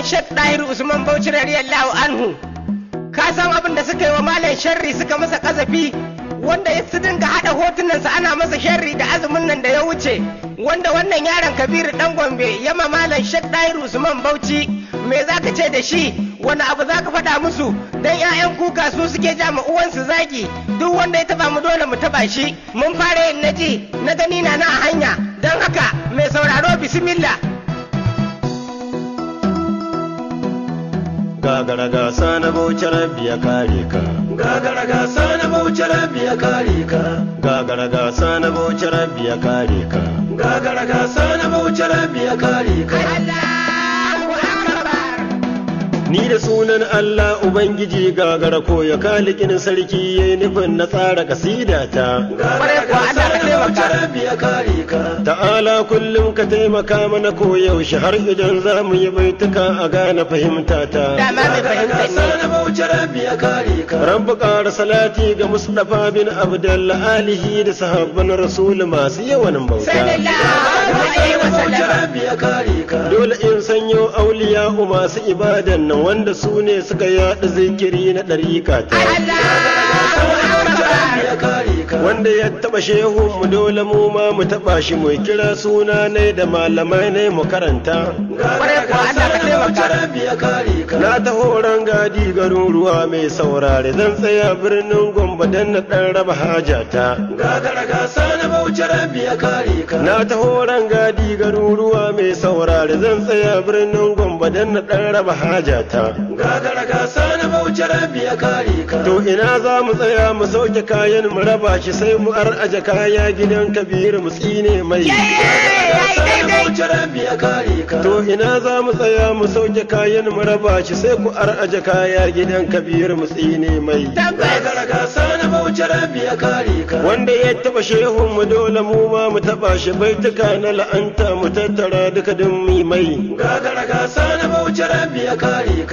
baban shek ɗahiru usman bauchi radiyallahu anhu ka san abin da suka yi wa malam sharri suka masa kazafi wanda ya su dinga haɗa hotunansa ana masa sharri da azumin nan da ya wuce wanda wannan yaron kabiru dan gombe ya ma malam shek ɗahiru usman bauchi me za ka ce da shi wani abu za ka faɗa musu don 'ya'yan kuka su suke ja ma uwansu zaki duk wanda ya taba mu dole mu taba shi mun fara yin naji na gani na na hanya don haka mai sauraro bismillah gagara gasa na bauchar biya kare ka gagara gasa na bauchar biya kare ka gagara gasa na bauchar biya kare ka gagara gasa na bauchar biya kare ka Ni da sunan Allah Ubangiji gagara ko ya kalikin sarki ya nufin na tsara kasida ta. Gagara ka ta'ala kullum ka taimaka mana koyaushe, har idan za mu yi baituka a gane fahimta ta rabu mai salati ga mustafa bin abdullah alihi da sahabban rasul masu yawan bauta dole in sanyo auliya masu ibadan nan wanda su ne suka yaɗa zikiri na ɗarika ta wanda ya taba shehu mu dole mu ma mu taba shi mu kira suna ne da malamai ne mu karanta na ta horon gadi garin ruwa mai saurare zan tsaya birnin gombe don na dan raba hajata na ta horon gadi garin ruwa mai saurare zan tsaya birnin gombe don na dan raba hajata to ina za mu tsaya mu sauke baka kayan mu raba shi sai mu ar aje kaya gidan kabir mu tsine mai to ina za mu tsaya mu sauke kayan mu shi sai ku ar aje kaya gidan kabir mu tsine mai wanda ya taba shehun mu dole mu ma mu taba shi baituka na la'anta mu tattara duka din mi mai gagara gasa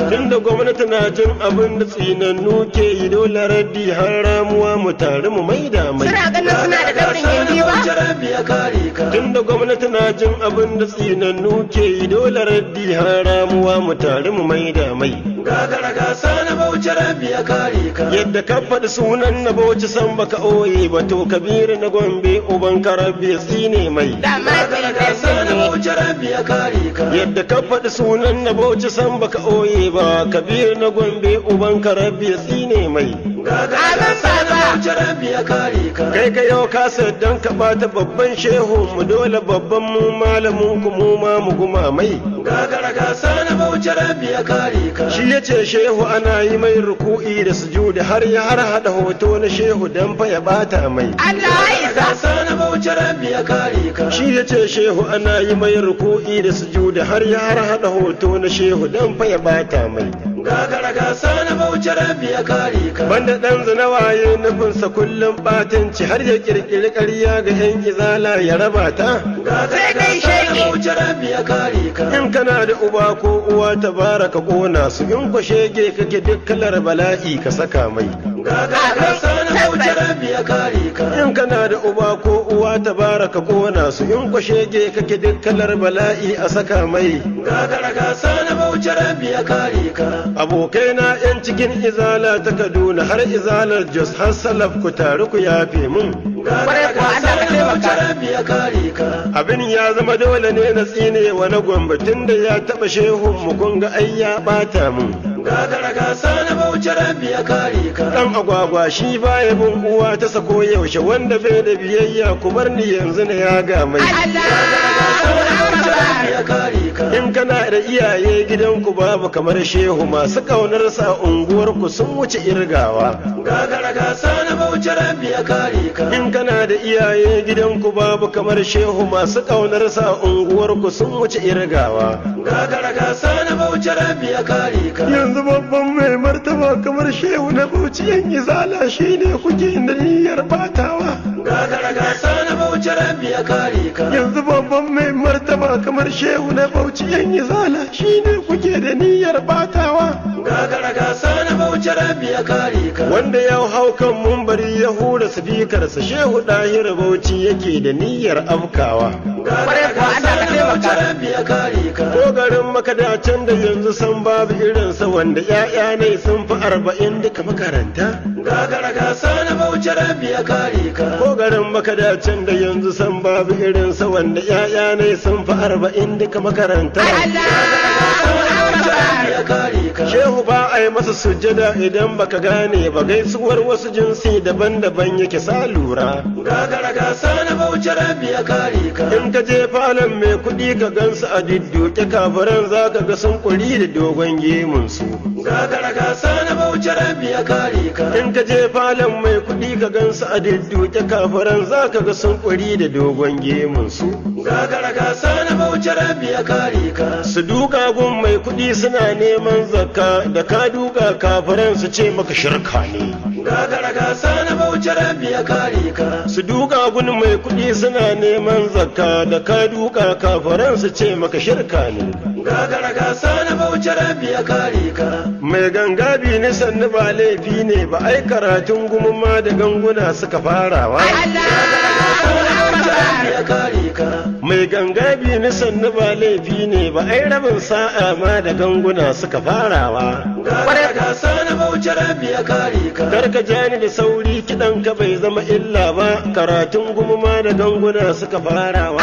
tunda gwamnati na jin abin da tsinannu ke yi dole raddi har ramuwa mu tare mu mai da mai suna ganin suna da daurin ba gwamnati na jin abin da tsinannu ke yi dole raddi haramuwa mu tare mu mai da mai gagara gasa na bauchi rabi ya kare ka yadda ka faɗi sunan na bauchi san baka oye ba to kabiru na gombe uban ka rabi ya mai gagara gasa na bauchi rabi ya kare ka yadda ka faɗi sunan na bauchi san baka oye ba kabiru na gombe uban ka rabi ya mai gagara gasa na kai ka yau ka don ka bata babban shehu mu dole babban mu malamin ku mu ma mu guma mai gagara gasa na bauchi rabbi kari ka shi yace shehu ana yi mai ruku'i da sujudi har ya har hada hoto na shehu dan fa ya bata mai Allah ya gasa na bauchi ya ka shi yace shehu ana yi mai ruku'i da sujudi har ya har hada hoto na shehu dan fa ya bata mai gagara gasa na bauchi kare ka banda dan zina waye nufin sa kullum batanci har ya kirkiri ƙarya ga yan izala ya raba ta gagara gasa na bauchi kare ka in kana da uba ko uwa tabaraka kona su in kwashege kake duk kalar bala'i ka saka mai in kana da uba ko uwa ta baraka kona su in kwashege kake duk kalar bala'i a saka mai gagara gasa bauchi rabi ya kare ka abokai na yan cikin izala ta kaduna har izalar jos har salaf ku taru ku yafe mun abin ya zama dole ne na tsine wa na tun da ya taɓa shehun mu kun ga ai ya bata mun gagara gasa na bauchi rabbi ya kare dan agwagwa shi baya bin uwa ta sako yaushe wanda bai da biyayya ku bar ni yanzu ne ya ga mai in kana da iyaye gidanku babu kamar shehu masu ƙaunar sa unguwar ku sun wuce irgawa gagara gasa na bauchi rabbi ya kare in kana da iyaye gidanku babu kamar shehu masu ƙaunar sa unguwar ku sun wuce irgawa gagara gasa na bauchi rabbi ya kare yanzu babban mai martaba kamar shehu na bauchi yan izala shi ne kuke da niyyar batawa gagara gasa na bauchi rabbi ya kare ka yanzu babban mai martaba kamar shehu na bauchi yan izala shi ne kuke da niyyar batawa gagara gasa na bauchi rabbi ya kare ka wanda ya hau kan mumbari ya hura sifikarsa shehu dahir bauchi yake da niyyar afkawa gagara gasa na bauchi rabbi ya kare ka ko garin makadacin da yanzu san babu irin sa wanda ‘ya'ya ne sun fi arba'in duka makaranta. Gagara gasa na bauchi rabi ya kare ka. Ko garin makadacin da yanzu san babu irin sa wanda ‘ya'ya ne sun fi arba'in duka makaranta. Shehu ba a yi masa sujjada idan baka gane ba gaisuwar wasu jinsi daban-daban yake sa lura. Gagara gasa na bauchi rabi ya ka. In ka je falon mai kuɗi ka gansu a didduke kafiran za ka ga sun kuri da dogon gemunsu. gasa bauchi ya kare ka in ka je falon mai kuɗi ka gansu a ta kafaran za ka ga sun da dogon gemun su gagara gasa na bauchi rabi ya kare ka su duka gun mai kudi suna neman zakka da ka duka kafiran su ce maka shirka ne gagara gasa na bauchi rabi ya kare ka su duka gun mai kudi suna neman zakka da ka duka kafiran su ce maka shirka ne gagara gasa na bauchi rabi ya kare ka mai gangabi ni sannu ba laifi ne ba ai karatun gumuma da ganguna suka farawa gagara gasa na bauchi rabi ya kare ka mai ganga na sannu ba laifi ne ba ai rabin sa'a ma da ganguna suka farawa kwarai sa na bauchi rabi a kare ka ja ni da sauri kidan ka bai zama illa ba karatun ma da ganguna suka farawa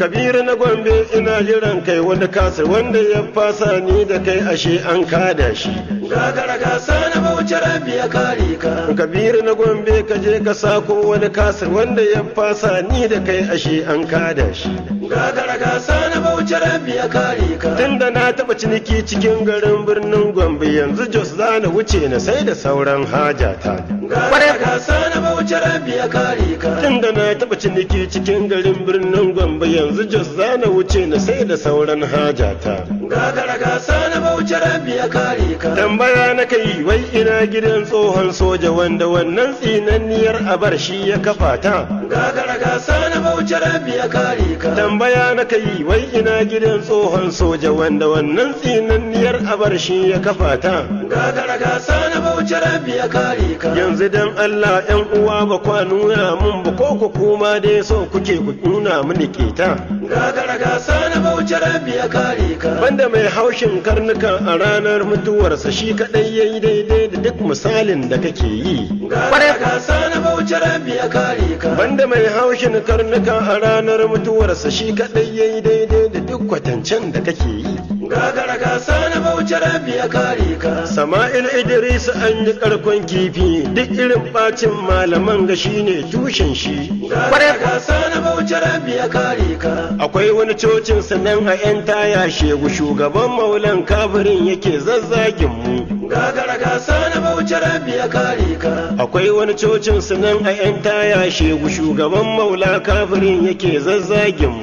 kabiru na gombe ina jiran kai wani kasa wanda ya fasa ni da kai ashe an kada shi gagara ga na bauchi rabi a kare ka kabiru na gombe ka je ka sako wani kasar wanda da ya fasa ni da kai ashe an kada shi gagara gasa na bauchi rabi ya kare ka tunda na taba ciniki cikin garin birnin gombe yanzu jos za na wuce na sai da sauran hajata gagara gasa wuce rabi tunda na taɓa ciniki cikin garin birnin Gombe yanzu Jos zana wuce na sai da sauran hajata gagara gasa na bauchi rabi ya ka tambaya na kai wai ina gidan tsohon soja wanda wannan tsinanniyar abar shi ya kafa ta gagara gasa na bauchi rabi ya ka tambaya na kai wai ina gidan tsohon soja wanda wannan tsinanniyar abar shi ya kafa ta gagara gasa na bauchi rabi ya ka yanzu dan Allah ƴan uwa kowa ba kwa nuna mun ba ko ku kuma dai so kuke ku nuna mini keta. Gagara ga na bauchi rabi ya kare ka. Banda mai haushin karnuka a ranar mutuwarsa shi kaɗai ya yi daidai da duk misalin da kake yi. Gagara ga na bauchi rabi ya kare ka. Banda mai haushin karnuka a ranar mutuwarsa shi kaɗai ya yi daidai da duk kwatancen da kake yi. gagara ga na bauchi rabi ya kare ka. Sama'il Idris an yi karkon kifi duk irin bacin malam man shi ne tushen shi Kware! ka sana bauchi rabbi ya kare ka akwai wani cocin sannan a yan taya shegu shugaban maulan kafirin yake zazzagin mu gagara gasa na bauchi rabbi ya kare ka akwai wani cocin sunan a yan taya shegu shugaban maula kafirin yake zazzagin mu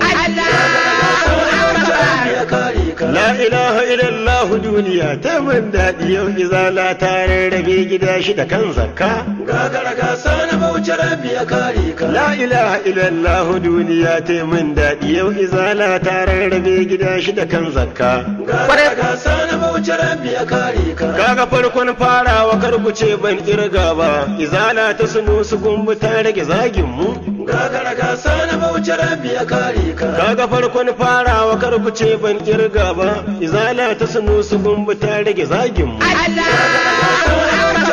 La ilaha illallah duniya ta man daɗi yau izala ta rarrabe gida shi da kan zakka. Gagara gasa na bauchi rabbi ya kare ka. La ilaha illallah duniya ta man daɗi yau izala ta rarrabe gida shi da kan zakka. Gagara gasa na bauchi rabbi ya kare ka. daga farkon farawa karkuce ban kirga ba izala ta sunu su gumbu ta rage zagin mu gagara gasa na bauchi rabi ya kare ka daga farkon farawa karkuce ban kirga ba izala ta sunu su gumbu ta rage zagin mu Allah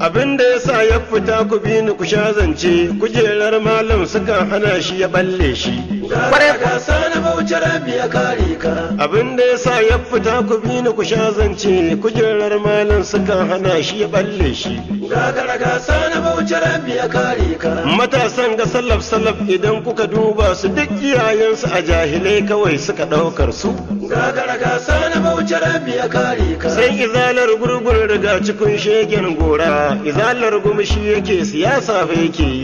abin da ya sa ya fita ku bi ni ku sha zance kujerar malam suka hana shi ya balle shi abin da ya sa ya fita ku bi ni ku sha zance kujerar malam suka hana shi ya balle shi matasan ga salaf salaf idan kuka duba su duk iyayensu a jahilai kawai suka ɗaukar su na ya ka sai izalar gurgur daga cikin shegen gora izalar gumshi yake siyasa fa yake yi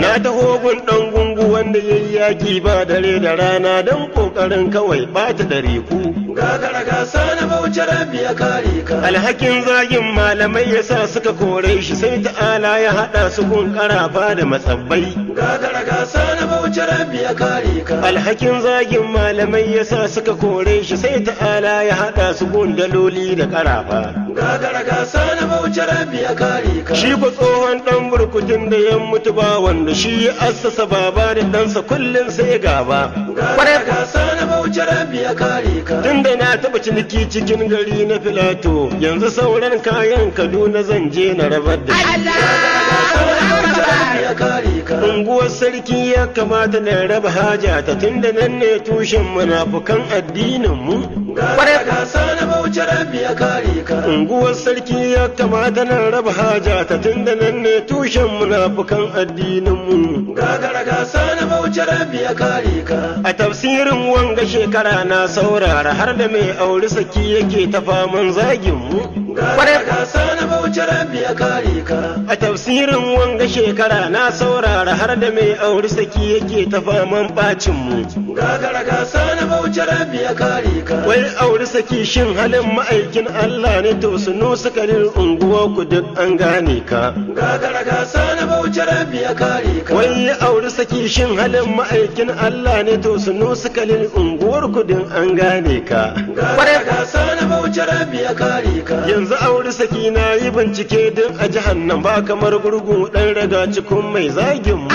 na taho gun dan gungu wanda yayi yaki ba dare da rana dan kokarin kawai bata dare ku na alhakin zagin malamai ya sa suka kore shi sai ta'ala ya haɗa su kun karafa da matsabbai alhakin zagin malamai ya sa suka kore shi sai ta'ala ya haɗa su kun daloli da karafa gagara shi ko tsohon ɗan burkutun da ya mutu ba wanda shi ya assasa baba da ɗansa kullum sai gaba ba gasa na kare ka da na taɓa ciniki cikin gari na filato yanzu sauran kayan kaduna zan je na rabar da unguwar sarki ya kamata na raba haja ta tun da nan ne tushen munafukan addinin mu unguwar sarki ya kamata na raba haja ta tun da nan ne tushen munafukan addinin mu na a tafsirin wanga shekara na saurara har har da mai auri saki yake ta faman zagin mu kwarai gasa na bauchi rabbi ya kare ka a tafsirin wanga shekara na saurara har da mai auri saki yake ta faman bacin mu gagara gasa na bauchi rabbi ya kare ka wai auri saki shin halin ma'aikin Allah ne to sunu sukarin unguwa ku duk an gane ka gagara gasa na bauchi rabbi ya kare ka wai auri saki shin halin ma'aikin Allah ne to sunu sukarin unguwar ku duk an gane ka gagara gasa na bauchi rabbi ya kare ka yanzu yanzu auri saki na yi bincike din a jihar nan ba kamar gurgu dan raga cikin mai zagin mu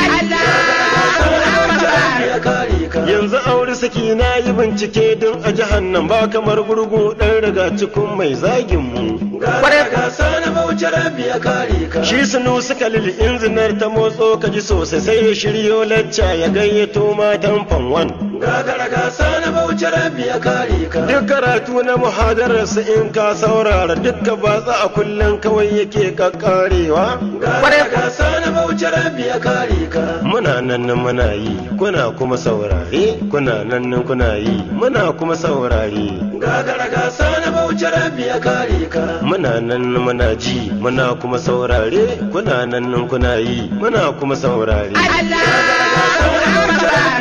yanzu auri saki na yi bincike din a jihar nan ba kamar gurgu dan raga cikin mai zagin mu shi sunu suka lili inzinar ta motso ka ji sosai sai ya shiryo lacca ya gayyato matan fanwan gagara gasa na bauchi rabi ya kare ka duk karatu na muhadararsa in ka saurara duk ka ba za a kullum kawai yake kakkarewa kware ka sana bauchi rabi ya kare ka muna nan muna yi kuna kuma saurare kuna nan kuna yi muna kuma saurare gagara ka sana bauchi rabi ya kare ka muna nan muna ji muna kuma saurare kuna nan kuna yi muna kuma saurare Allah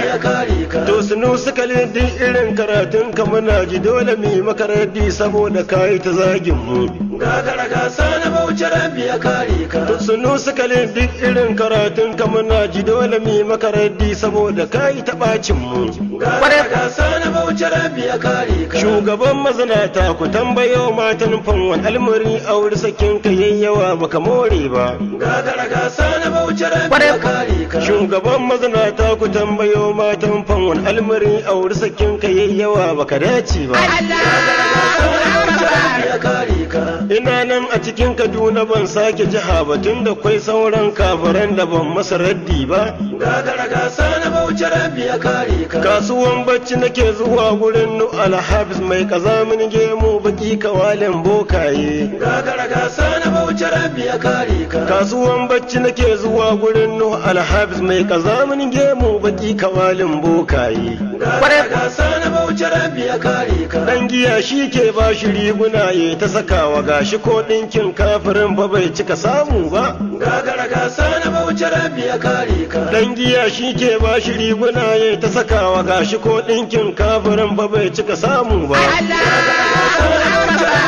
ya kare ka to sunu suka din irin karatun ka muna ji dole mu makaradi saboda kai ta zagin mu gagara gasa sana bauchi rabi ya kare ka to sunu suka din irin karatun ka muna ji dole mu makaradi saboda kai ta bacin mu gagara gasa sana bauchi rabi ya kare ka shugaban mazinata ku tambayo matan fanwan almuri aure sakin ka yayyawa baka more ba gagara gasa sana bauchi rabi ya kare ka shugaban mazinata ku tambayo matan fanwan wani a wuri sakin ka yawa baka dace ba ina nan a cikin kaduna ban sake jiha ba tun da kwai sauran kafaran da ban masa raddi ba gagara na bauchi rabbi ya kare ka kasuwan bacci nake zuwa gurin nu alhabis mai kazamin gemu kawalin ka bokaye gagaraga sana ba bauchi rabbi ya kare ka kasuwan bacci nake zuwa gurin nuhu alhabis mai kazamin gemu baki ka bokaye gagaraga sana ba bauchi rabbi ya kare ka dan giya shi ke ba shi riguna ya ta sakawa gashi ko dinkin kafirin ba bai cika samu ba gagaraga sana ba bauchi rabbi ya kare ka dan giya shi ke ba shi riguna ya ta sakawa gashi ko dinkin kafirin ba bai cika samu ba Allah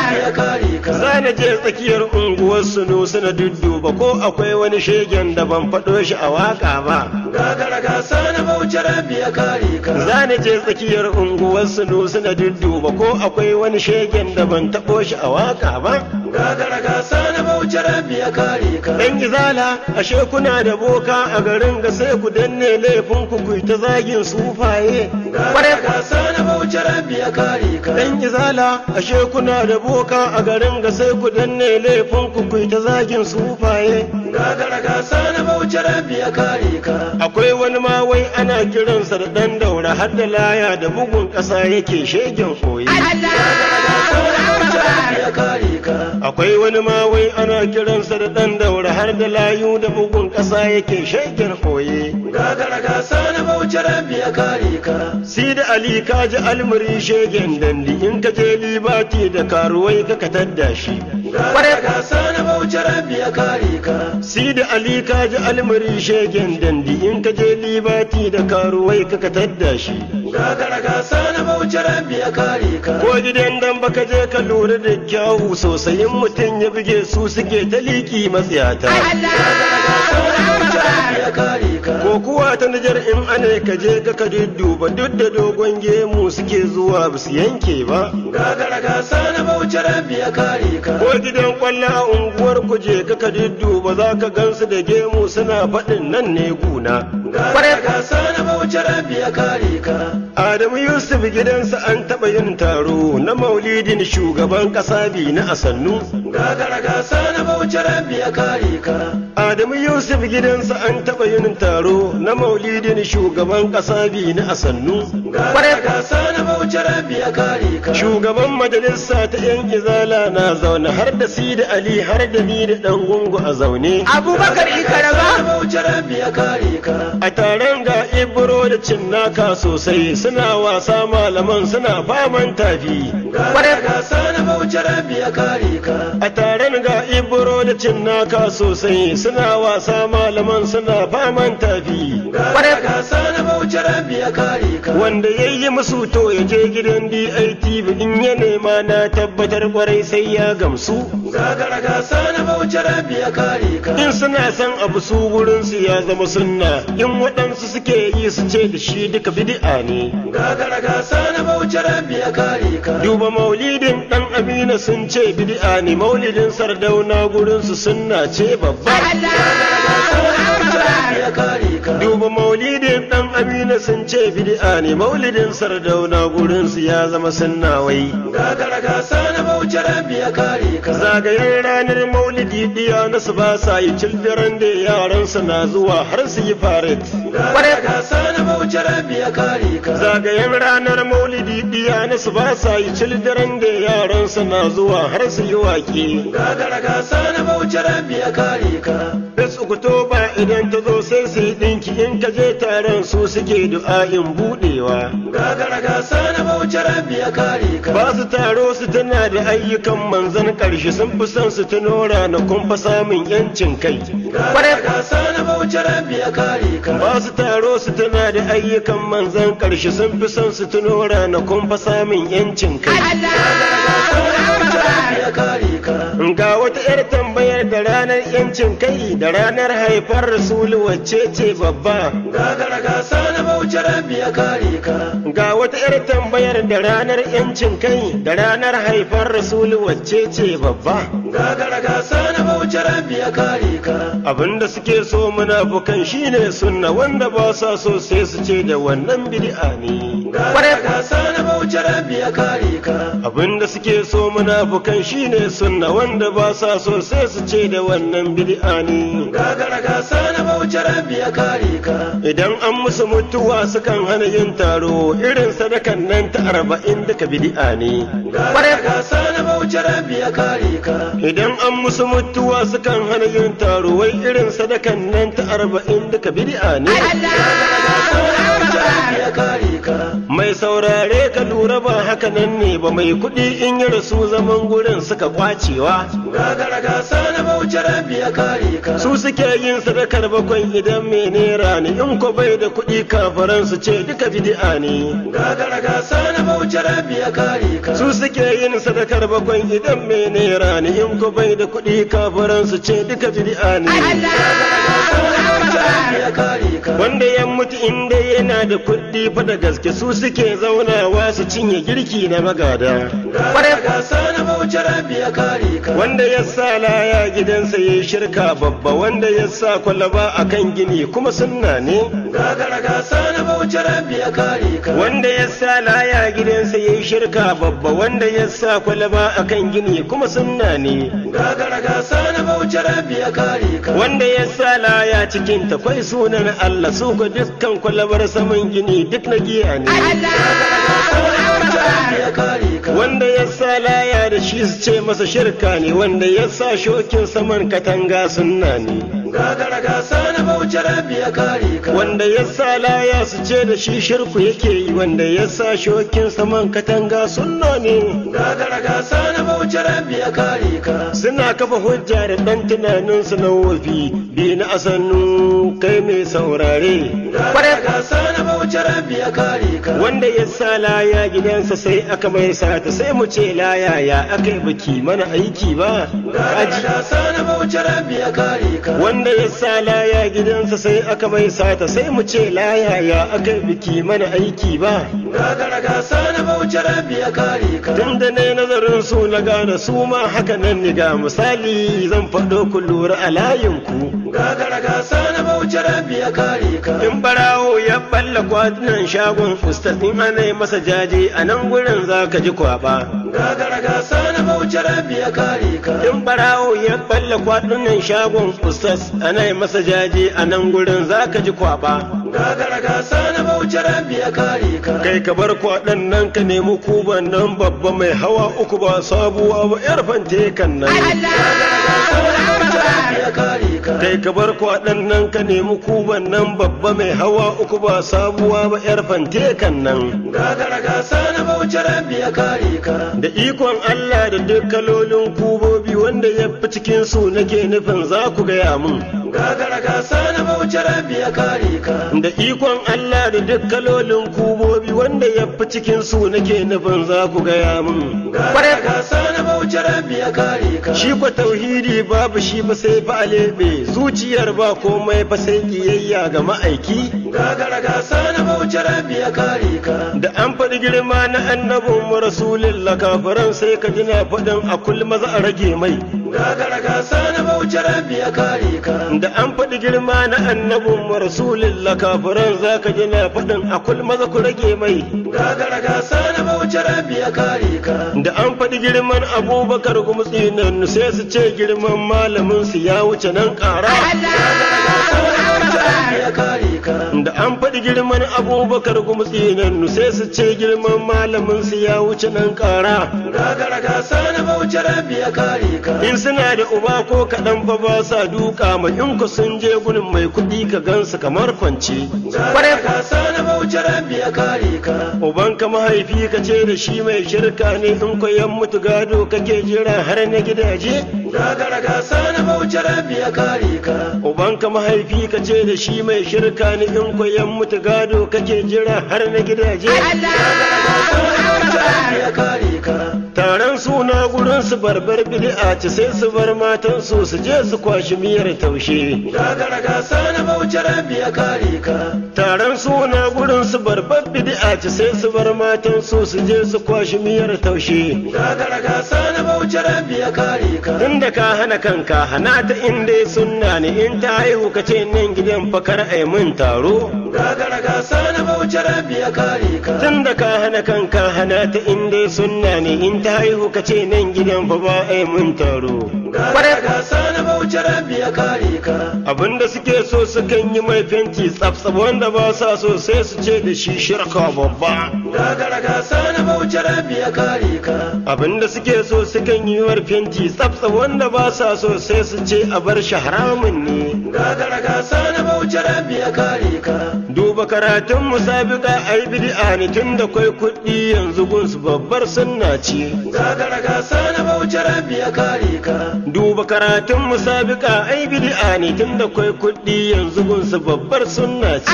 America. za na je tsakiyar unguwar su suno suna dudduba ko akwai wani shegen da ban faɗo shi a waka ba gagara gasa na bauchi rabi ya kare ka za na je tsakiyar unguwar su suno suna dudduba ko akwai wani shegen da ban taɓo shi a waka ba gagara gasa na bauchi rabi ya kare ka dan izala ashe kuna da boka a garin ga sai ku danne laifin ku ku ta zagin sufaye gagara gasa na bauchi rabi ya kare ka dan izala ashe kuna da boka a garin garin ga sai ku danne laifin ku ku ta zagin sufaye gagara ga na bauchi rabi ya kare ka akwai wani ma wai ana kiransa da dan daura har da laya da bugun kasa yake shegen koyi gagara ga na bauchi rabi ya kare ka akwai wani ma wai ana kiransa da ɗan daura har da layu da bugun ƙasa yake shaikir koye gagara gasa na bauchi rabi ya kare ka si da ali ka ji almuri shegen dandi in ka je libati da karuwai ka ka tadda shi gagara gasa na bauchi rabi ya kare ka si da ali ka ji almuri shegen dandi in ka je libati da karuwai ka ka tadda shi gagara gasa na bauchi rabi ya kare ka ko gidan dan baka je ka lura da kyawu sosai mutum ya buge su suke ta liki matsiyata. Allah! ko kuwa ta nijar in ane ka je ka ka dudduba duk da dogon gemu suke zuwa ba su yanke ba gagara gasa ba bauchi rabi ya kare ka ko gidan kwalla a unguwar ku je ka ka dudduba za ka gansu da gemu suna faɗin nan ne guna gagara gasa ba bauchi rabi ya kare ka Adamu Yusuf gidansa an taɓa yin taro na maulidin shugaban ƙasa bi na asannu. Gagara gasa ba bauchi rabi ya kare ka. Adamu Yusuf gidansa an taɓa yin taro taro na maulidin shugaban ƙasa biyu na asannu. Kware gasa na bauchi rabi a kare ka. Shugaban majalisa ta yan izala na zaune har da si da Ali har da ni da ɗan gungu a zaune. Abubakar Ikaraba. Bauchi rabi a kare ka. A taron ga Ibro da Cinnaka sosai suna wasa malaman suna faman tafi. Kware gasa na bauchi rabi a kare ka. A taron ga Ibro da Cinnaka sosai suna wasa malaman suna faman tafi. littafi ya yi musu to ya je gidan DITV in ya nema na tabbatar kwarai sai ya gamsu gagara in suna san abu su wurin su ya zama sunna in waɗansu suke yi su ce da shi duka bid'a ne gagara duba maulidin ɗan Amina sun ce bid'a ne maulidin Sardauna gurin su sunna ce babba duba maulidin dan amina sun ce bid'a ne maulidin sardauna gurin su ya zama sunnawai gagara bauchi rabi ya kare ka zagayen ranar maulidi diya nasu ba sa yi children da yaran na zuwa har su yi parade da zagayen ranar maulidi ɗiya na su ba sa yi cildiran da yaran su na zuwa har su yi waki gagara ga na bauchi kare ka da tsukuto ba idan ta zo sai su ɗinki in ka je taron su suke du'a'in buɗewa gagara ga na kare ka ba su taro su tana da ayyukan manzan ƙarshe, sun fi son su tuno ranakun fa samun yancin kai gagara ga na kare ka su taro su tuna da ayyukan manzan karshe sun fi son su tuno ranakun fa samun yancin kai. ka ga wata yar tambayar da ranar yancin kai da ranar haifar rasulu wacce ce babba ga gargasa na bauchi rabi ya kare ka ga wata yar tambayar da ranar yancin kai da ranar haifar rasulu wacce ce babba ga gargasa na bauchi rabi ya kare ka abinda suke so munafukan shine sunna wanda ba sa so sai su ce da wannan bid'a ne ga gargasa na bauchi rabi ya kare ka abinda suke so munafukan shine sunna sunna wanda ba sa so sai su ce da wannan bid'a ne gagara gasa na bauchi rabbi ya kare ka idan an musu mutuwa sukan hana yin taro irin sadakan nan ta arba'in duka bid'a ne gagara gasa na bauchi rabbi ya kare ka idan an musu mutuwa sukan hana yin taro wai irin sadakan nan ta arba'in duka bid'a ne mai saurare ka lura ba haka nan ne ba mai kuɗi in yi rasu zaman gurin suka kwace cewa gasa na ya ka su suke yin sadakar bakwai idan mene rani in ko bai da kuɗi kafaran su ce duka bid'a ne gasa na ya ka su suke yin sadakar bakwai idan mene rani in ko bai da kuɗi kafaran su ce duka bid'a ne wanda ya mutu inda yana da kuɗi fa da gaske su suke zaunawa su cinye girki na magada. Kwarai gasa na ya wanda ya sa laya gidansa ya shirka babba wanda ya sa kwalaba a kan gini kuma sunna ne wanda ya sa laya gidansa ya shirka babba wanda ya sa kwalaba a kan gini kuma sunna ne wanda ya sa laya cikin takwai sunan Allah su ga dukkan kwalabar saman gini duk na giya ne wanda ya sa laya da shi su ce masa shirka ne wanda ya sa shokin saman katanga sunna ne na ne. wanda ya sa laya su ce da shi shirku yake yi wanda ya sa shokin saman katanga sunna ne na ne. suna kafa hujja da dan tunanin su na wofi bi na asannu kai mai saurare wanda ya sa laya gidansa ta sai aka mai sata sai mu ce la yaya aka yi baki mana aiki ba kaji sana bauchi rabi ya kare ka wanda ya sa laya gidansa sai aka mai sata sai mu ce la yaya aka yi baki mana aiki ba gagara gasa na bauchi rabi ya kare ka tun da ne nazarin su na gane su ma haka nan ni ga misali zan faɗo ku lura a layinku. ku gagara na bauchi rabi ya kare ka in barawo ya balla kwatunan shagon ustaz ni masa jaje a nan wurin za ka ji kwaba. Gagara gasa bauchi rabi ya kare ka. In barawo ya balla kwaɗunan shagon Ustaz ana yi masa jaji a nan gurin za ka ji kwaba. Gagara gasa na bauchi rabi ya kare ka. Kai ka bar kwaɗan nan ka nemi kuban nan babba mai hawa uku ba sabuwa ba yar fante kan nan. Allah! kare ka kai ka bar kwaɗan nan ka nemi kuban nan babba mai hawa uku ba sabuwa ba yar fante kan nan gagara gasa rabbi ya kare ka da ikon Allah da duk kalolin kubobi wanda ya fi cikin su nake nufin za ku gaya mun gagara gasa na bauchi ya kare ka da ikon Allah da duk kalolin kubobi wanda ya fi cikin su nake nufin za ku gaya min gagara kare ka shi ko tauhidi babu shi ba sai fa alebe zuciyar ba komai ba sai kiyayya ga ma'aiki gagara gasa na bauchi ya kare ka da an faɗi girma na annabin mu rasulillah kafiran sai ka gina faɗin a kullum za a rage mai gagara gasa na bauchi kare ka da an faɗi girma na annabin rasulillah lakafuran zaka ji na faɗin akul maza ku rage mai gagara gasa da an faɗi girman abubakar kuma tsinan sai su ce girman malamin su ya wuce nan ƙara da an faɗi girman abubakar kuma tsinan sai su ce girman malamin su ya wuce nan ƙara ya ka in suna da uba ko kaɗan fa ba sa duka ma in ku sun je gudun mai kuɗi ka gansu kamar kwance gagara gasa na bauchi rabi ya kari ka uban ka mahaifi ka ce ce da shi mai shirka ne in koyan mutu gado kake jira har na gidaje gagara gasa na bauchi rabi ya kare ka ubanka mahaifi ka ce da shi mai shirka ne in koyan mutu gado kake jira har na gidaje Allah ya kare ka taron suna gurin su barbar bid'a ci sai su bar matan su su je su kwashi miyar taushe gagara gasa sana, bauchi rabi ya kare ka taron suna gurin su barbar bid'a ci sai su bar matan su su je su kwashi miyar taushe gagara gasa sana, bauchi rabi ya kare ka inda ka hana kanka hana ta inda sunna ne in ta haihu ka ce nan gidan fakar ai mun taro gagara gasa na bauchi rabbi ya kare ka tun da ka hana kanka hana ta inda sunna ne in ta haihu ka ce nan gidan fa ba yi mun taro gagara gasa na bauchi rabbi ya kare ka abinda suke so sukan yi mai fenti tsaf wanda ba sa so sai su ce da shi shirka babba gagara gasa na bauchi rabbi ya kare ka abinda suke so sukan yi mai fenti tsaf wanda ba sa so sai su ce a bar shi haramun ne gagara gasa na bauchi rabi ya kare ka duba karatun musabika ai bid'a ne tun da kwai kuɗi yanzu gunsu babbar sunna ce gagara gasa na bauchi rabi ya kare ka duba karatun musabika ai bid'a ne tun da kwai kuɗi yanzu gunsu babbar sunna ce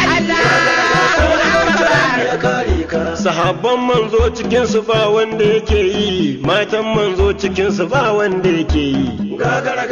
sahabban manzo cikinsu ba wanda yake yi matan manzo cikinsu ba wanda yake yi gagara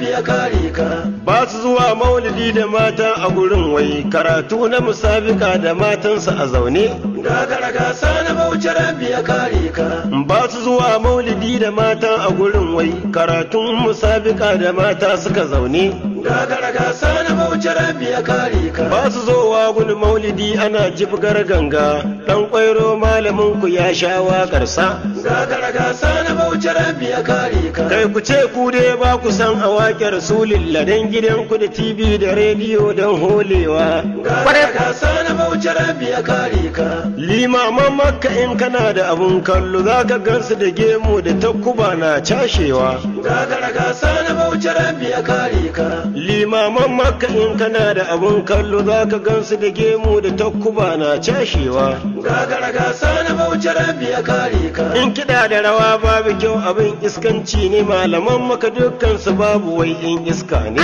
ya kare ka ba su zuwa maulidi da mata a gurin wai kara karatu na musabika da matansa a zaune Da gasa na bauchi rabi ya kare ka ba su zuwa maulidi da mata a gurin wai karatun musabika da mata suka zaune gagara gasa na bauchi rabbi ya kare ba su zowa gun maulidi ana jibgar ganga dan kwairo malamin ku ya sha wakar sa gagara gasa na bauchi rabbi ya kare ka kai ku ce ku dai ba ku san a wakar sulilla dan gidan ku da tv da rediyo dan holewa gagara gasa na bauchi rabbi ya kare ka limaman in kana da abun kallo zaka gansu da gemu da takuba na cashewa gagara gasa na bauchi rabbi ya kare limaman maka in kana da abun kallo za ka gansu da gemu da takkuba na cashewa gagara gasa na bauchi rabi ya kare ka in kiɗa da rawa babu kyau abin iskanci ne malaman maka su babu wai in iska ne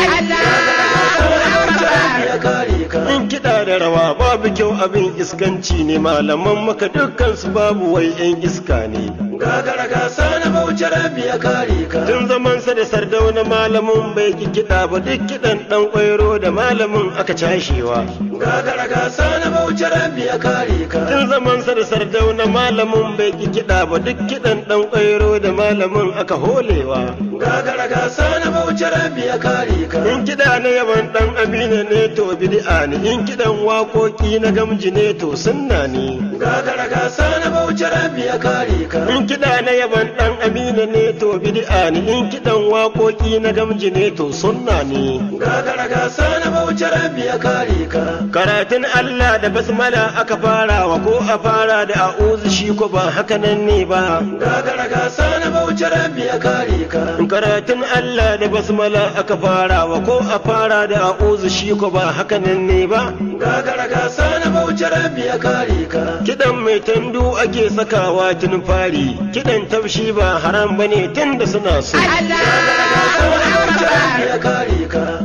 in kiɗa da rawa babu kyau abin iskanci ne malaman maka su babu wai 'yan iska ne gagara gasa na bauchi rabi ya kare ka tun zaman sa da sardauna malamin bai kikiɗa ba duk kiɗan ɗan ƙwairo da malamin aka cashewa gagara gasa na bauchi rabi ya kare ka tun zaman sa da sardauna malamin bai kikiɗa ba duk kiɗan ɗan ƙwairo da malamin aka holewa gagara gasa na bauchi rabi ya kare ka in kiɗa na yawan ɗan amina ne to bid'a ni, in kiɗan waƙoƙi na gamji ne to sunna ni. gagara gasa na bauchi rabi ya kare ka kiɗa na yaban ɗan amina ne to bid'a ne in kiɗan waƙoƙi na gamji ne to sunna ne. Gagara gasa na bauchi rabbi ya kare ka. Karatun Allah da basmala aka fara wa ko a fara da a'uzu shi ko ba haka nan ne ba. Gagara gasa na bauchi rabbi ya kare ka. Karatun Allah da basmala aka fara wa ko a fara da a'uzu shi ko ba haka nan ne ba. Gagara gasa na bauchi rabbi ya kare ka. Kiɗan mai tandu ake sakawa tun fari Kidan kiɗan taushi ba haram bane tunda suna so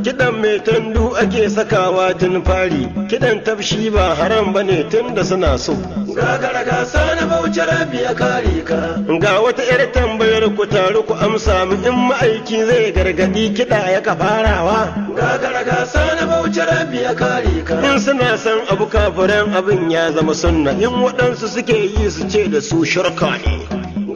kiɗan mai tandu ake sakawa tun fari kiɗan tafshi ba haram bane tunda suna so gagara gasa bauchi rabi ya kare ka ga wata yar tambayar ku taru ku amsa mu in ma'aiki zai gargadi kiɗa ya ka farawa gagara bauchi rabi ya kare ka in suna son abu kafiran abin ya zama sunna in waɗansu suke yi su ce da su shirka ne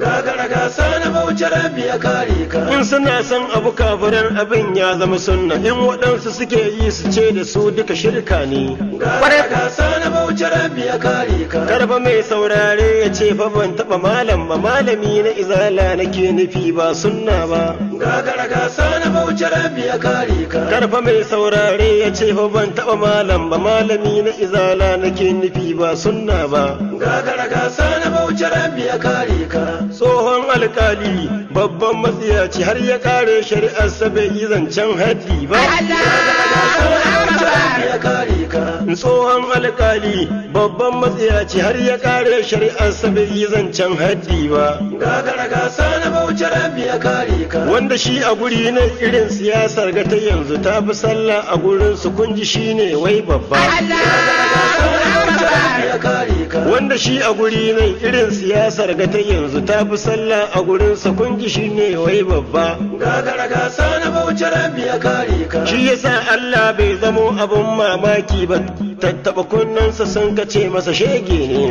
gagana gasa wuce ya kare ka in suna son abu kafiran abin ya zama sunna in waɗansu suke yi su ce da su duka shirka ne kwarai ka sana bauchi rabi ya kare ka karfa mai saurare ya ce fa ban taɓa malam ba malami na izala nake nufi ba sunna ba gagara ka sana bau rabi ya kare ka karfa mai saurare ya ce fa ban taɓa malam ba malami na izala nake nufi ba sunna ba gagara ka sana bau rabi ya kare ka tsohon alkali babban matsiyaci har ya kare shari'ar sa bai yi zancen haddi ba Allah Allah, Allah, Allah, tsohon alkali babban matsaya ce har ya kare shari'ar sabbin yi zancen haddi ba gagara gasa na bauchi rabi ya kare ka wanda shi a guri na irin siyasar ga ta yanzu ta fi sallah a gurin su kunji ne wai babba wanda shi a guri ne irin siyasar ga ta yanzu ta fi sallah a gurin sa kungi shi ne wai babba gagara gasa na bauchi rabi ya kare ka shi yasa Allah bai zamo abun mamaki ba tattaba kunnensa sun kace masa shege ne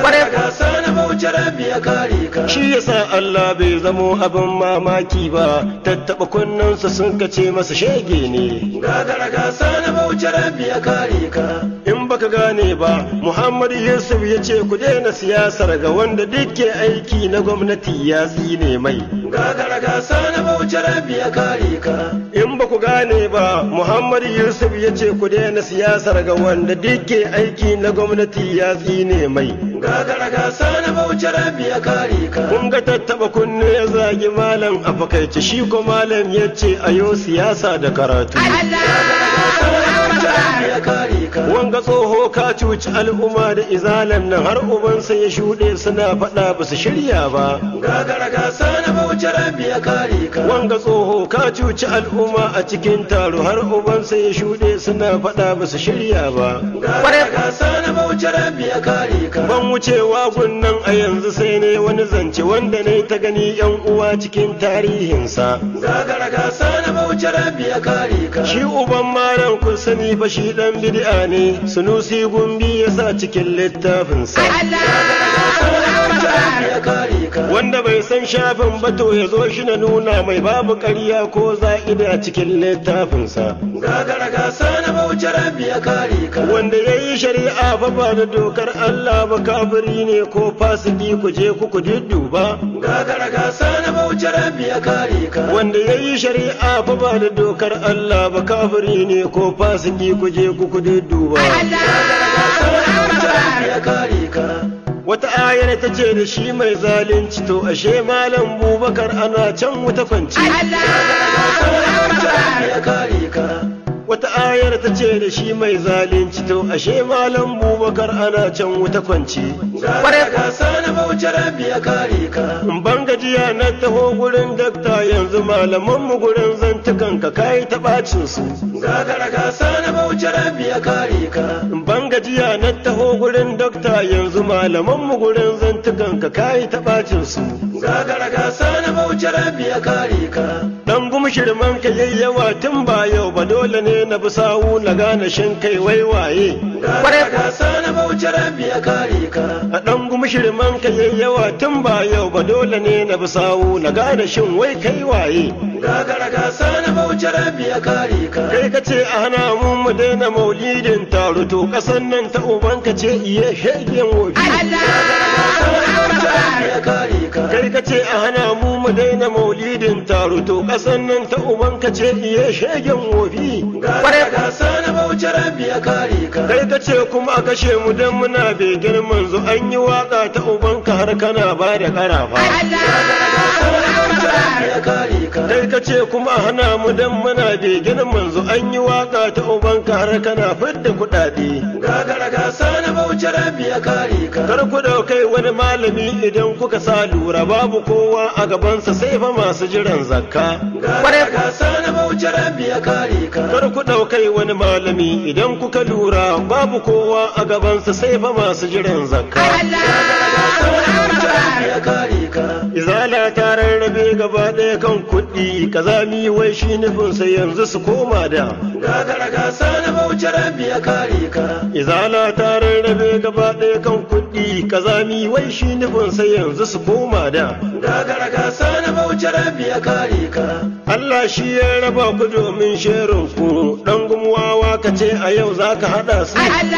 kwarai ka sana bauchi rabbi ya kare ka shi yasa Allah bai zamo abin mamaki ba tattaba kunnensa sun kace masa shege ne gagara ka sana bauchi rabbi ya kare ka in baka gane ba Muhammad Yusuf ya ce ku daina siyasar ga wanda duke aiki na gwamnati ya tsine mai gagara ka sana bauchi rabbi ya kare ka in ba ku gane ba Muhammad Yusuf ya ce ku daina siyasar ga wanda ke aiki na gwamnati ya tsine mai gagaraga gasa bauchi rabi ya kare ka kun ga tattaba kunne ya zagi malam a fakaice shi ko malam ya ce a yau siyasa da karatu a wanga tsoho ka cuci al'umma da izalan nan har ubansa ya shuɗe suna faɗa ba su shirya ba gagara ga na bauchi rabi ya kare ka wanga tsoho ka cuci al'umma a cikin taro har ubansa ya shuɗe suna faɗa ba su shirya ba gagara na bauchi rabi ya kare ka ban wucewa gunnan a yanzu sai ne wani zance wanda ne ta gani yan uwa cikin tarihinsa gagara na bauchi rabi ya kare ka shi uban malam kun sani ba shi dan bid'a ne sunusi gumbi ya sa cikin littafinsa. Allah! wanda bai san shafin ba to ya zo shi na nuna mai babu ƙarya ko za'ida cikin littafinsa gagara ga sana bauchi rabbi ya kare ka wanda ya yi shari'a fa ba da dokar Allah ba kafiri ne ko fasiki ku je ku ku dudduba gagara ga sana bauchi rabbi ya kare ka wanda ya yi shari'a fa ba da dokar Allah ba kafiri ne ko fasiki ku je ku ku dudduba gagara ga sana bauchi rabbi ya kare ka wata ayar ta ce da shi mai zalunci to ashe malam bubakar ana can wuta kwanci Allah ya kare ka wata ayar ta ce da shi mai zalunci to ashe malam bubakar ana can wuta kwanci kware ka sani bauchi rabi ya kare ka ban gajiya na taho gurin dakta yanzu malaman mu gurin zantukan ka kai ta bacin su gagara ka sani bauchi rabi ya kare ka ban gajiya na taho gurin dakta yanzu malaman mu gurin zantukan ka kai ta bacin su gagara ka sani bauchi rabi ya kare ka dan gumshirman ka yayyawa tun ba yau ba dole ne na bi sawu na gane shin kai waiwaye kwarai gasa na bauchi rabi ya kare ka a dan man ka yawa tun ba yau ba dole ne na bi sawu na gane shin wai kai waye gagara gasa na bauchi rabi ya kare ka kai ka ce a hana mu mu daina maulidin taro to kasan nan ta uban ka ce iya shegen wofi kai ka ce a hana mu mu daina maulidin taro to kasan nan ta uban ka ce iya shegen wofi gagara gasa na bauchi rabi ya kare ka kai ka ce kuma a kashe mu dan muna begen zo, an yi waka ta uban ka har kana ba da karafa Dai ka ce kuma hana mu dan muna begin manzo an yi waka ta uban har kana fidda kuɗaɗe. Gagara ga sana bauchi rabi ya kare ka. Kar ku kai wani malami idan kuka sa lura babu kowa a gabansa sai fa masu jiran zakka. Gagara gasa sana bauchi rabi ya kare ka. Kar ku kai wani malami idan kuka lura babu kowa a gabansa sai fa masu jiran zakka. Allah! Gagara ga sana bauchi rabi ya kare talaka izala ta rarrabe gaba ɗaya kan kuɗi kazami wai shi sai yanzu su koma da gagara gasa Sani bauchi rabi ya kare ka izala ta rarrabe gaba ɗaya kan kuɗi kazami wai shi sai yanzu su koma da gagara gasa Sani bauchi rabi ya kare ka Allah shi ya raba ku domin sherin ku dan gumwawa ka ce a yau zaka hada su Allah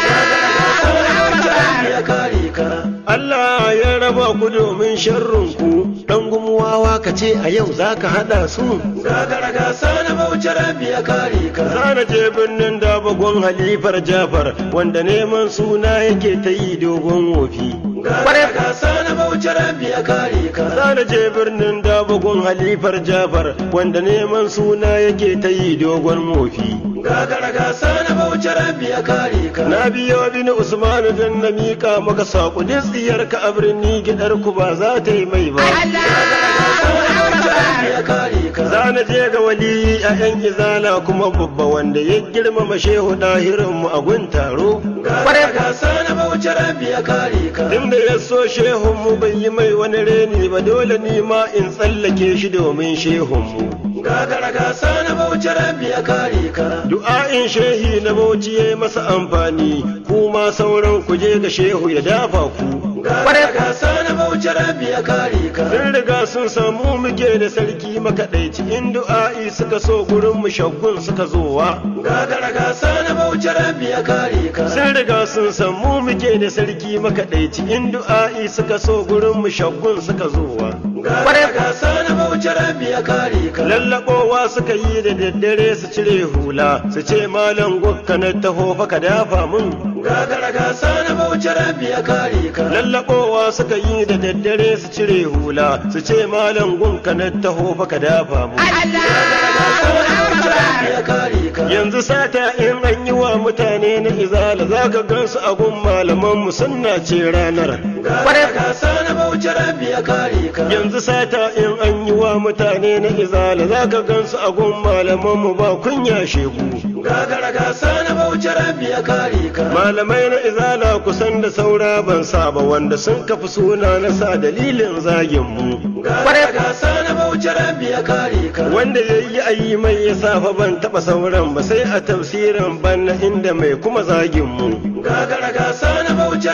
ya kare ka Allah ya raba ku domin sharrunku, ku dan gumuwawa ka ce a yau zaka hada su gagara gasa na bauchi rabi ya kare ka zana je birnin bagon halifar Jafar wanda neman suna yake ta yi dogon wofi gagara gasa na bauchi rabi ya kare ka zana je birnin bagon halifar Jafar wanda neman suna yake ta yi dogon wofi gagara gasa na bauchi rabi ya kare ka na biyo bin Usmanu dan na miƙa maka saƙo. biyar ka a birni gidar ku ba za ta yi mai ba za na je ga wali a yan izana kuma babba wanda ya girmama shehu dahirin mu a gun taro duk da ya so shehun mu bai yi mai wani reni ba dole ni ma in tsallake shi domin shehun mu gagara na bauchi rabbi ya kare ka du'a'in shehi na bauchi yayi masa amfani kuma sauran ku je ga shehu ya dafa ku Kwarai ka sani bauchi rabi ya kare ka. Sun riga sun samu muke da sarki makaɗaici in du'a'i suka so gurin mu shaggun suka zowa. Gagara ka sani bauchi rabi ya kare ka. Sun riga sun samu muke da sarki makaɗaici in du'a'i suka so gurin mu shaggun suka zowa. kwarai gasa ya ka lallabowa suka yi da daddare su cire hula su ce malam gokka na taho fa ka dafa mun gagara ya ka lallabowa suka yi da daddare su cire hula su ce malam gunka na taho fa ka dafa mun yanzu sata in an yi wa mutane na izala za ka gansu a gun malaman mu sunna ce ranar ya ka yanzu yanzu sata in an yi wa mutane na izala za ka gansu a gun malaman mu ba kunya shegu gagara gasa na bauchi rabi ya kare ka malamai na izala kusan da saura ban saba wanda sun kafi suna na sa dalilin zagin mu gagara gasa na bauchi rabi ya kare ka wanda yi ayi mai ya safa ban taba sauran ba sai a tafsirin ban inda mai kuma zagin mu gagara gasa na bauchi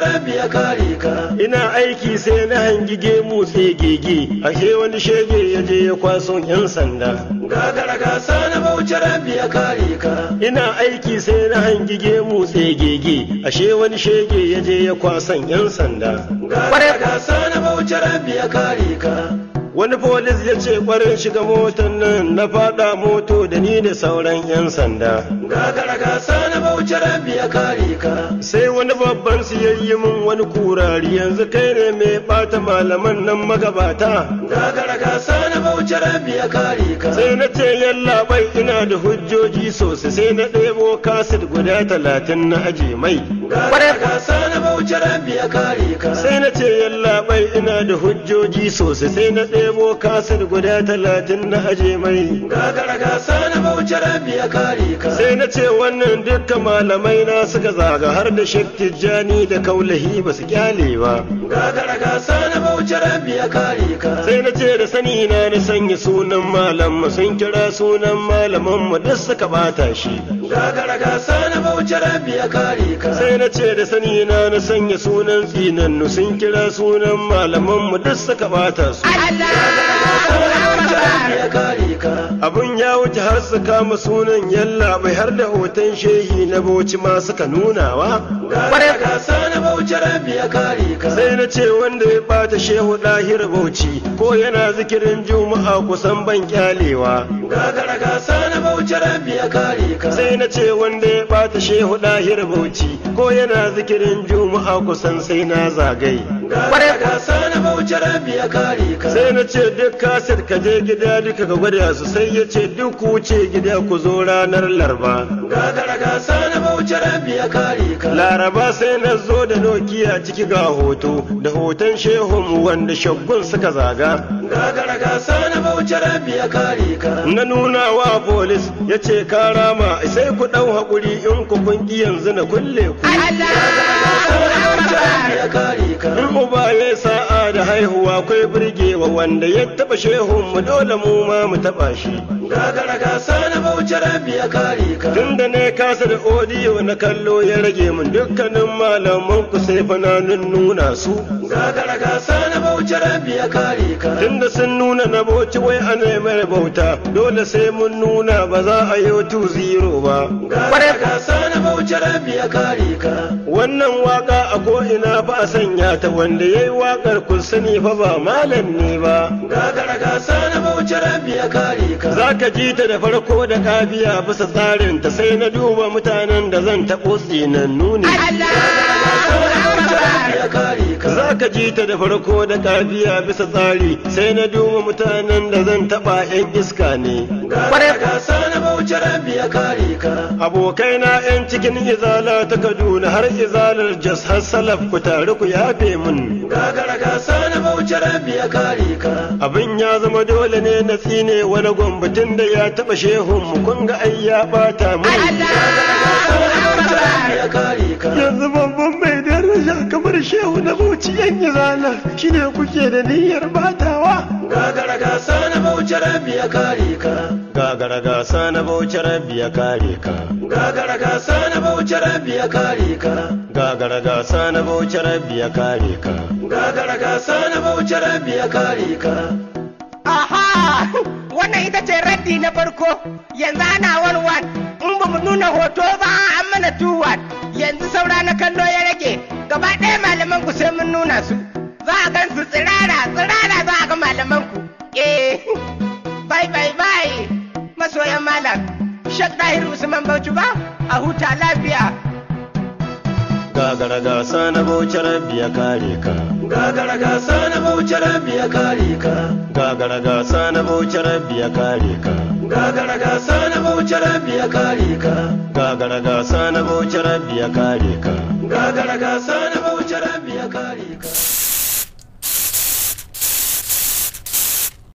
ka ina aiki sai na hangi gemu sai gege ashe wani shege ya je ya kwaso yan sanda gagara gasa na bauchi rabi ya kare ka ina aiki sai na hangi gemu sai gege ashe wani shege ya je ya kwaso yan sanda gagara gasa na bauchi rabi ya kare ka wani folis ya ce kwarin shiga motan nan na fada moto da ni da sauran 'yan sanda gagara ga na bauchi rabi ya kare ka sai wani babban siyayyi min wani kurari yanzu kai ne mai bata malaman nan magabata gagara ga na bauchi rabi ya kare ka sai na ce yalla bai ina da hujjoji sosai sai na ɗebo kasid guda talatin na aje mai gagara ga na bauchi rabi ya kare ka sai na ce yalla bai ina da hujjoji sosai sai na ɗebo ɗebo kasir guda talatin na aje mai gagara gasa bauchi rabi ya kare ka sai na ce wannan dukkan malamai na suka zaga har da shek tijjani da kaulahi ba su kyale ba gagara gasa na bauchi rabi ya kare ka sai na ce da sani na na sanya sunan malam sun kira sunan malaman mu da suka bata shi gagara gasa na sai na ce da sani na na sanya sunan tsinannu sun kira sunan malaman mu duk suka bata su abun ya wuce har su kama sunan yalla bai har da hoton shehi na bauchi ma suka nunawa sai na ce wanda ya bata shehu dahir bauchi ko yana zikirin juma'a kusan ban kyalewa na ya kare ka sai na ce wanda ya bata shehu shehu bauchi ko yana zikirin juma'a kusan sai na zagaye kwarai da sani bauchi rabi ya kare ka sai na ce duk kaset ka je gida duka ka gwada su sai ya ce duk ku wuce gida ku zo ranar Larba. gagara ga sani bauchi rabi ya kare ka laraba sai na zo da nokiya ciki ga hoto da hoton shehun wanda shaggun suka zaga gagara ga sani bauchi rabi ya kare ka na nuna wa polis ya ce ka rama sai ku ɗau hakuri in ku kun yanzu na kulle ku Allah uba ya sa'a da haihuwa kai birgewa wanda ya taba shehun mu dole mu ma mu taba shi gagara gasa na bauchi rabi ya kare ka tun da ne kasa da odiyo na kallo ya rage mun dukkanin malaman ku sai fa na nuna su gagara gasa na bauchi rabi ya kare ka tun da sun nuna na bauchi wai ana mai bauta dole sai mun nuna ba za a yi tu zero ba gagara gasa na bauchi rabi ya kare ka wannan waka a ko ina ba a sanya ta wanda yayi wakar kun sani fa ba malam ne ba gagara gasa na bauchi rabi ya kare ka ka ji ta da farko da kafiya bisa tsarin ta sai na duba mutanen da zan taɓo tsinan nuni. Allah! za ka ji ta da farko da kafiya bisa tsari sai na duma mutanen da zan taɓa yan iska ne abokai na yan cikin izala ta kaduna har izalar jas har salaf ku tare ku yafe mun gagara ka sana bauchi rabi ya kare ka abin ya zama dole ne na tsine wani gwambatin da ya taba shehun mu kun ga ai ya bata mu Yanzu ba yau na bauciyan izana shine kuke da niyyar batawa gagara gasa na bauci rabbi ya kare ka gagara gasa na bauci rabbi ya kare ka gagara gasa na bauci rabbi ya kare ka gagara gasa na bauci rabbi ya kare ka gagara gasa na bauci rabbi ya kare ka wannan ita ce raddi na farko yanzu ana wan in ba mu nuna hoto ba an mana tuwan yanzu saura na kallo ya rage gaba ɗaya malaman ku sai mun nuna su za a gan su tsirara tsirara za a ga malaman ku eh bye bye bye masoyan malam shak dahir usman bauchi ba a huta lafiya gagara gasa na bauchar biya kare ka gagara gasa na bauchar biya kare ka gagara gasa na bauchar biya kare ka gagara gasa na bauchar biya kare ka gagara gasa na bauchar biya kare ka gagara gasa na bauchar biya kare ka